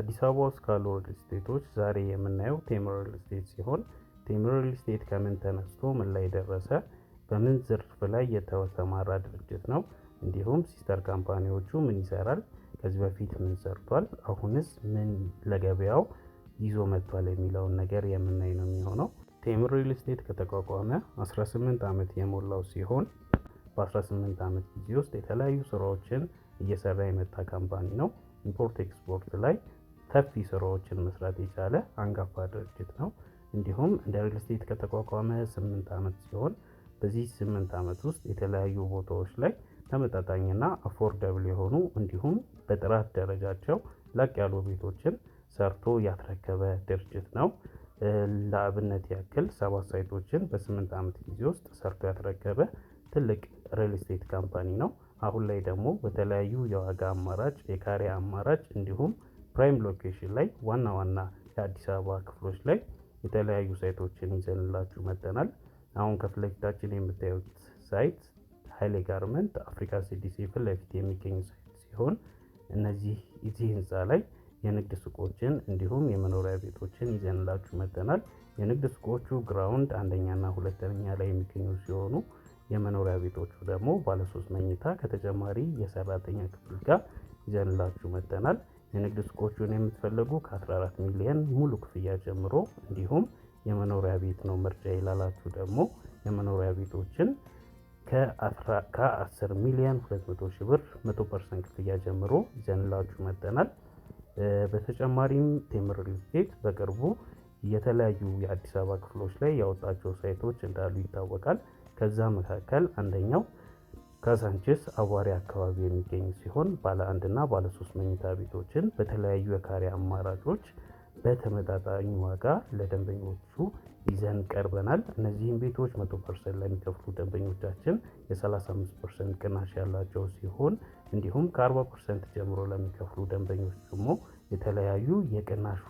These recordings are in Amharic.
አዲስ አበባ ውስጥ ካሉ ሪል ስቴቶች ዛሬ የምናየው ቴምር ሪል ስቴት ሲሆን ቴምር ሪል ስቴት ከምን ተነስቶ ምን ላይ ደረሰ፣ በምን ዘርፍ ላይ የተሰማራ ድርጅት ነው፣ እንዲሁም ሲስተር ካምፓኒዎቹ ምን ይሰራል፣ ከዚህ በፊት ምን ሰርቷል፣ አሁንስ ምን ለገበያው ይዞ መጥቷል የሚለውን ነገር የምናይ ነው የሚሆነው። ቴምር ሪል ስቴት ከተቋቋመ 18 ዓመት የሞላው ሲሆን በ18 ዓመት ጊዜ ውስጥ የተለያዩ ስራዎችን እየሰራ የመጣ ካምፓኒ ነው። ኢምፖርት ኤክስፖርት ላይ ሰፊ ስራዎችን መስራት የቻለ አንጋፋ ድርጅት ነው። እንዲሁም እንደ ሪል ስቴት ከተቋቋመ ስምንት ዓመት ሲሆን በዚህ ስምንት ዓመት ውስጥ የተለያዩ ቦታዎች ላይ ተመጣጣኝና አፎርደብል የሆኑ እንዲሁም በጥራት ደረጃቸው ላቅ ያሉ ቤቶችን ሰርቶ ያስረከበ ድርጅት ነው። ለአብነት ያክል ሰባት ሳይቶችን በስምንት ዓመት ጊዜ ውስጥ ሰርቶ ያስረከበ ትልቅ ሪል ስቴት ካምፓኒ ነው። አሁን ላይ ደግሞ በተለያዩ የዋጋ አማራጭ፣ የካሬ አማራጭ እንዲሁም ፕራይም ሎኬሽን ላይ ዋና ዋና የአዲስ አበባ ክፍሎች ላይ የተለያዩ ሳይቶችን ይዘንላችሁ መጥተናል። አሁን ከፊት ለፊታችን የምታዩት ሳይት ሀይሌ ጋርመንት አፍሪካ ሲዲሲ ፊት ለፊት የሚገኝ ሳይት ሲሆን እነዚህ እዚህ ህንፃ ላይ የንግድ ሱቆችን እንዲሁም የመኖሪያ ቤቶችን ይዘንላችሁ መጥተናል። የንግድ ሱቆቹ ግራውንድ አንደኛና ሁለተኛ ላይ የሚገኙ ሲሆኑ የመኖሪያ ቤቶቹ ደግሞ ባለሶስት መኝታ ከተጨማሪ የሰራተኛ ክፍል ጋር ይዘንላችሁ መጥተናል። የንግድ ሱቆቹን የምትፈልጉ ከ14 ሚሊዮን ሙሉ ክፍያ ጀምሮ እንዲሁም የመኖሪያ ቤት ነው ምርጫ ይላላችሁ ደግሞ የመኖሪያ ቤቶችን ከ10 ሚሊዮን 200 ሺህ ብር 100 ፐርሰንት ክፍያ ጀምሮ ይዘንላችሁ መጠናል። በተጨማሪም ቴምር ሪል ስቴት በቅርቡ የተለያዩ የአዲስ አበባ ክፍሎች ላይ ያወጣቸው ሳይቶች እንዳሉ ይታወቃል። ከዛ መካከል አንደኛው ካዛንቺስ አዋሪ አካባቢ የሚገኝ ሲሆን ባለ አንድና ባለ ሶስት መኝታ ቤቶችን በተለያዩ የካሬ አማራጮች በተመጣጣኝ ዋጋ ለደንበኞቹ ይዘን ቀርበናል። እነዚህም ቤቶች ፐርሰንት ለሚከፍሉ ደንበኞቻችን የ35% ቅናሽ ያላቸው ሲሆን እንዲሁም ከ40% ጀምሮ ለሚከፍሉ ደንበኞች ደግሞ የተለያዩ የቅናሽ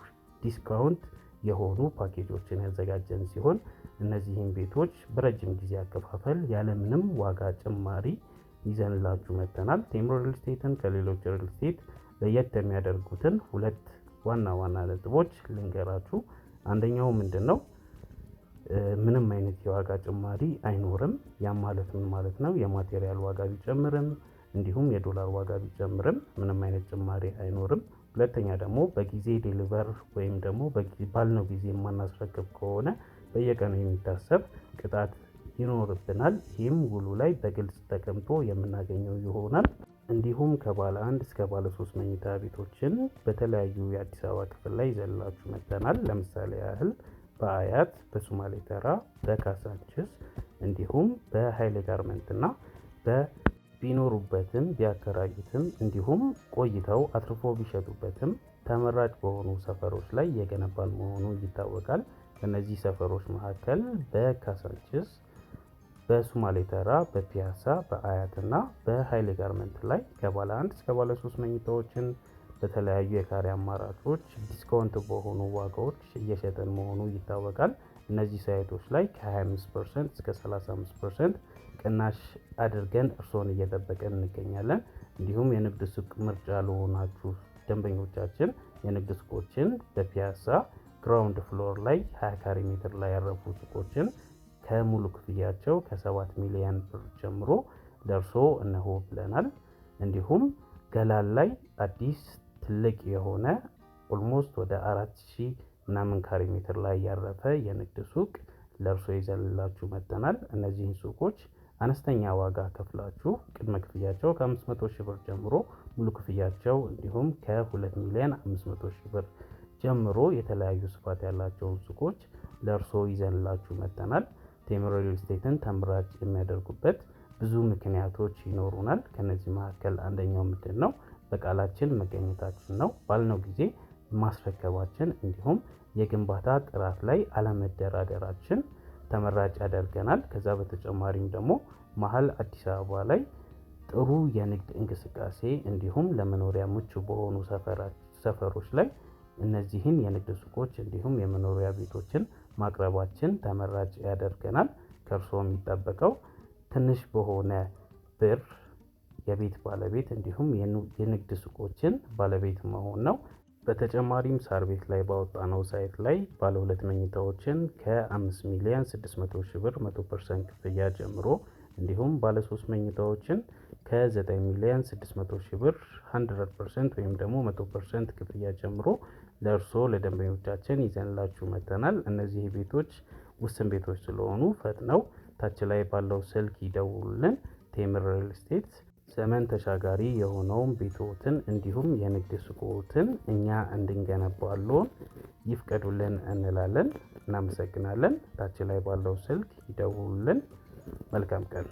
ዲስካውንት የሆኑ ፓኬጆችን ያዘጋጀን ሲሆን እነዚህም ቤቶች በረጅም ጊዜ አከፋፈል ያለምንም ዋጋ ጭማሪ ይዘንላችሁ መጥተናል። ቴምሮ ሪል ስቴትን ከሌሎች ሪል ስቴት ለየት የሚያደርጉትን ሁለት ዋና ዋና ነጥቦች ልንገራችሁ። አንደኛው ምንድን ነው? ምንም አይነት የዋጋ ጭማሪ አይኖርም። ያም ማለት ምን ማለት ነው? የማቴሪያል ዋጋ ቢጨምርም እንዲሁም የዶላር ዋጋ ቢጨምርም ምንም አይነት ጭማሪ አይኖርም። ሁለተኛ ደግሞ በጊዜ ዴሊቨር ወይም ደግሞ ባልነው ጊዜ የማናስረክብ ከሆነ በየቀኑ የሚታሰብ ቅጣት ይኖርብናል። ይህም ውሉ ላይ በግልጽ ተቀምጦ የምናገኘው ይሆናል። እንዲሁም ከባለ አንድ እስከ ባለ ሶስት መኝታ ቤቶችን በተለያዩ የአዲስ አበባ ክፍል ላይ ይዘንላችሁ መጥተናል። ለምሳሌ ያህል በአያት፣ በሶማሌ ተራ፣ በካሳንችስ እንዲሁም በሀይሌ ጋርመንትና በ ቢኖሩበትም ቢያከራዩትም እንዲሁም ቆይተው አትርፎ ቢሸጡበትም ተመራጭ በሆኑ ሰፈሮች ላይ እየገነባን መሆኑ ይታወቃል። ከነዚህ ሰፈሮች መካከል በካሳንችስ፣ በሱማሌ ተራ፣ በፒያሳ፣ በአያትና በኃይሌ ጋርመንት ላይ ከባለ አንድ እስከ ባለ ሶስት መኝታዎችን በተለያዩ የካሬ አማራጮች ዲስካውንት በሆኑ ዋጋዎች እየሸጠን መሆኑ ይታወቃል። እነዚህ ሳይቶች ላይ ከ25 ፐርሰንት እስከ 35 ፐርሰንት ቅናሽ አድርገን እርስዎን እየጠበቀን እንገኛለን። እንዲሁም የንግድ ሱቅ ምርጫ ለሆናችሁ ደንበኞቻችን የንግድ ሱቆችን በፒያሳ ግራውንድ ፍሎር ላይ 20 ካሬ ሜትር ላይ ያረፉ ሱቆችን ከሙሉ ክፍያቸው ከ7 ሚሊዮን ብር ጀምሮ ደርሶ እነሆ ብለናል። እንዲሁም ገላን ላይ አዲስ ትልቅ የሆነ ኦልሞስት ወደ አራት ሺህ ምናምን ካሬ ሜትር ላይ ያረፈ የንግድ ሱቅ ለእርሶ ይዘንላችሁ መጥተናል። እነዚህን ሱቆች አነስተኛ ዋጋ ከፍላችሁ ቅድመ ክፍያቸው ከ500 ሺህ ብር ጀምሮ ሙሉ ክፍያቸው እንዲሁም ከ2 ሚሊዮን 500 ሺህ ብር ጀምሮ የተለያዩ ስፋት ያላቸውን ሱቆች ለእርሶ ይዘንላችሁ መጥተናል። ቴምር ሪል ስቴትን ተመራጭ የሚያደርጉበት ብዙ ምክንያቶች ይኖሩናል። ከነዚህ መካከል አንደኛው ምንድን ነው? በቃላችን መገኘታችን ነው ባልነው ጊዜ ማስረከባችን እንዲሁም የግንባታ ጥራት ላይ አለመደራደራችን ተመራጭ ያደርገናል። ከዛ በተጨማሪም ደግሞ መሀል አዲስ አበባ ላይ ጥሩ የንግድ እንቅስቃሴ እንዲሁም ለመኖሪያ ምቹ በሆኑ ሰፈሮች ላይ እነዚህን የንግድ ሱቆች እንዲሁም የመኖሪያ ቤቶችን ማቅረባችን ተመራጭ ያደርገናል። ከእርስዎ የሚጠበቀው ትንሽ በሆነ ብር የቤት ባለቤት እንዲሁም የንግድ ሱቆችን ባለቤት መሆን ነው። በተጨማሪም ሳር ቤት ላይ ባወጣነው ሳይት ላይ ባለ ሁለት መኝታዎችን ከ5 ሚሊዮን 600 ሺ ብር 100 ክፍያ ጀምሮ እንዲሁም ባለ ሶስት መኝታዎችን ከ9 ሚሊዮን 600 ሺ ብር 100 ወይም ደግሞ 100 ክፍያ ጀምሮ ለእርስዎ ለደንበኞቻችን ይዘንላችሁ መጥተናል። እነዚህ ቤቶች ውስን ቤቶች ስለሆኑ ፈጥነው ታች ላይ ባለው ስልክ ይደውሉልን። ቴምር ሪል ስቴት ዘመን ተሻጋሪ የሆነውን ቤቶትን እንዲሁም የንግድ ሱቅዎትን እኛ እንድንገነባለን ይፍቀዱልን እንላለን። እናመሰግናለን። ታች ላይ ባለው ስልክ ይደውሉልን። መልካም ቀን